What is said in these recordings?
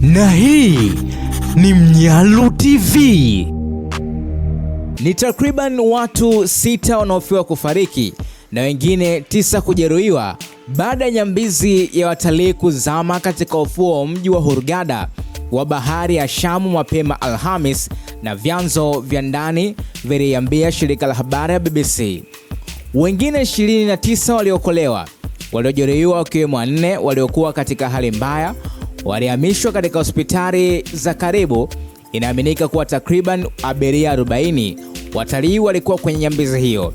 Na hii ni Mnyalu TV. Ni takriban watu sita wanaofiwa kufariki na wengine tisa kujeruhiwa baada ya nyambizi ya watalii kuzama katika ufuo wa mji wa Hurghada wa bahari ya Shamu mapema Alhamis, na vyanzo vya ndani viliambia shirika la habari ya BBC. Wengine 29 waliokolewa, waliojeruhiwa wakiwemo wanne waliokuwa katika hali mbaya walihamishwa katika hospitali za karibu. Inaaminika kuwa takriban abiria 40 watalii walikuwa kwenye nyambizi hiyo.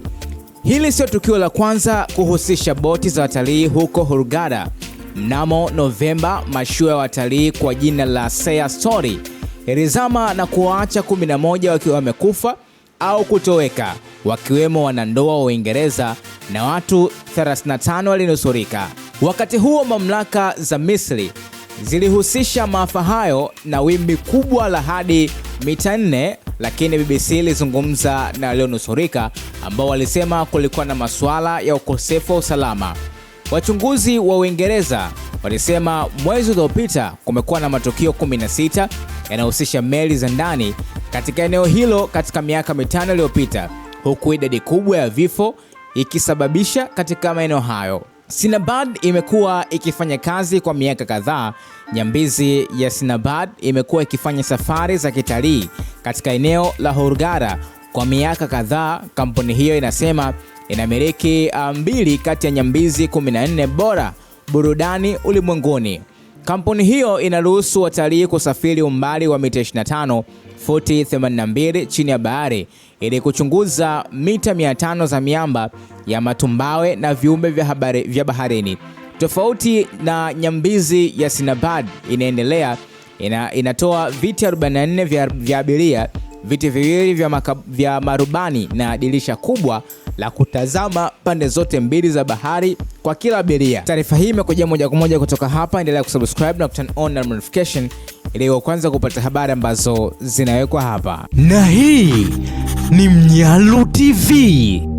Hili sio tukio la kwanza kuhusisha boti za watalii huko Hurghada. Mnamo Novemba, mashua ya watalii kwa jina la Sea Story ilizama na kuwaacha 11 wakiwa wamekufa au kutoweka, wakiwemo wanandoa wa Uingereza na watu 35 walinusurika. Wakati huo mamlaka za Misri zilihusisha maafa hayo na wimbi kubwa la hadi mita nne, lakini BBC ilizungumza na walionusurika ambao walisema kulikuwa na masuala ya ukosefu wa usalama. Wachunguzi wa Uingereza walisema mwezi uliopita kumekuwa na matukio 16 yanayohusisha meli za ndani katika eneo hilo katika miaka mitano iliyopita, huku idadi kubwa ya vifo ikisababisha katika maeneo hayo. Sinabad imekuwa ikifanya kazi kwa miaka kadhaa. Nyambizi ya Sinabad imekuwa ikifanya safari za kitalii katika eneo la Hurghada kwa miaka kadhaa. Kampuni hiyo inasema inamiliki ah, mbili kati ya nyambizi 14 bora burudani ulimwenguni. Kampuni hiyo inaruhusu watalii kusafiri umbali wa mita 25 futi 82 chini ya bahari ili kuchunguza mita 500 za miamba ya matumbawe na viumbe vya, habari, vya baharini. Tofauti na nyambizi ya Sinabad inaendelea ina, inatoa viti 44 vya, vya abiria, viti viwili vya, vya marubani na dirisha kubwa la kutazama pande zote mbili za bahari kwa kila abiria. Taarifa hii imekuja moja kwa moja kutoka hapa. Endelea kusubscribe na kuturn on notification ili uwe kwanza kupata habari ambazo zinawekwa hapa, na hii ni Mnyalu TV.